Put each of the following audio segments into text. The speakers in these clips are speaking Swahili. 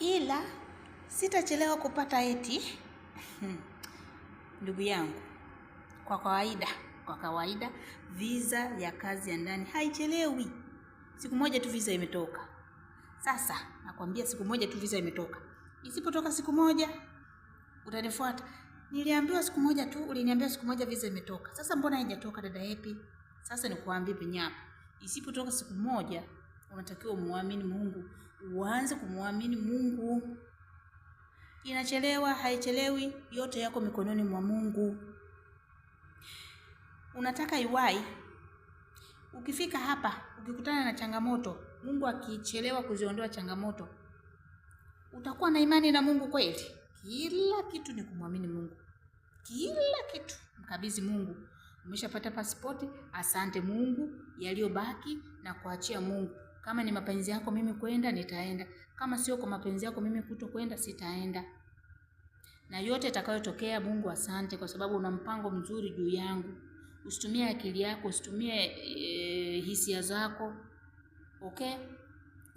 ila sitachelewa kupata eti. Ndugu yangu, kwa kawaida, kwa kawaida visa ya kazi ya ndani haichelewi. Siku moja tu visa imetoka. Sasa nakwambia, siku moja tu visa imetoka. Isipotoka siku moja, utanifuata. Niliambiwa siku moja tu, uliniambia siku moja visa imetoka. Sasa mbona haijatoka dada Happy? Sasa nikuambie pinyapa, isipotoka siku moja, unatakiwa muamini Mungu uanze kumwamini Mungu. Inachelewa haichelewi, yote yako mikononi mwa Mungu. Unataka iwai. Ukifika hapa ukikutana na changamoto, Mungu akichelewa kuziondoa changamoto, utakuwa na imani na Mungu kweli? Kila kitu ni kumwamini Mungu, kila kitu mkabidhi Mungu. Umeshapata pasipoti, asante Mungu, yaliyobaki na kuachia Mungu. Kama ni mapenzi yako mimi kwenda, nitaenda. Kama sio kwa mapenzi yako mimi kuto kwenda, sitaenda. Na yote atakayotokea, Mungu asante, kwa sababu una mpango mzuri juu yangu. Usitumie akili yako, usitumie e, hisia zako. Okay?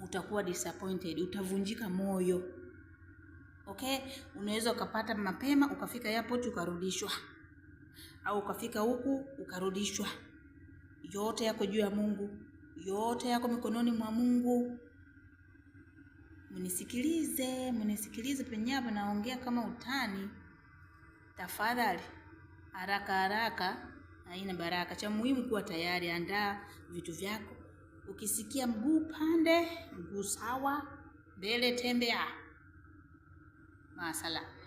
Utakuwa disappointed, utavunjika moyo. Okay? Unaweza ukapata mapema, ukafika airport ukarudishwa. Au ukafika huku ukarudishwa. Yote yako juu ya Mungu yote yako mikononi mwa Mungu. Munisikilize, munisikilize penye hapa naongea kama utani. Tafadhali haraka haraka haina baraka. Cha muhimu kuwa tayari, andaa vitu vyako. Ukisikia mguu pande, mguu sawa, mbele tembea. Masala.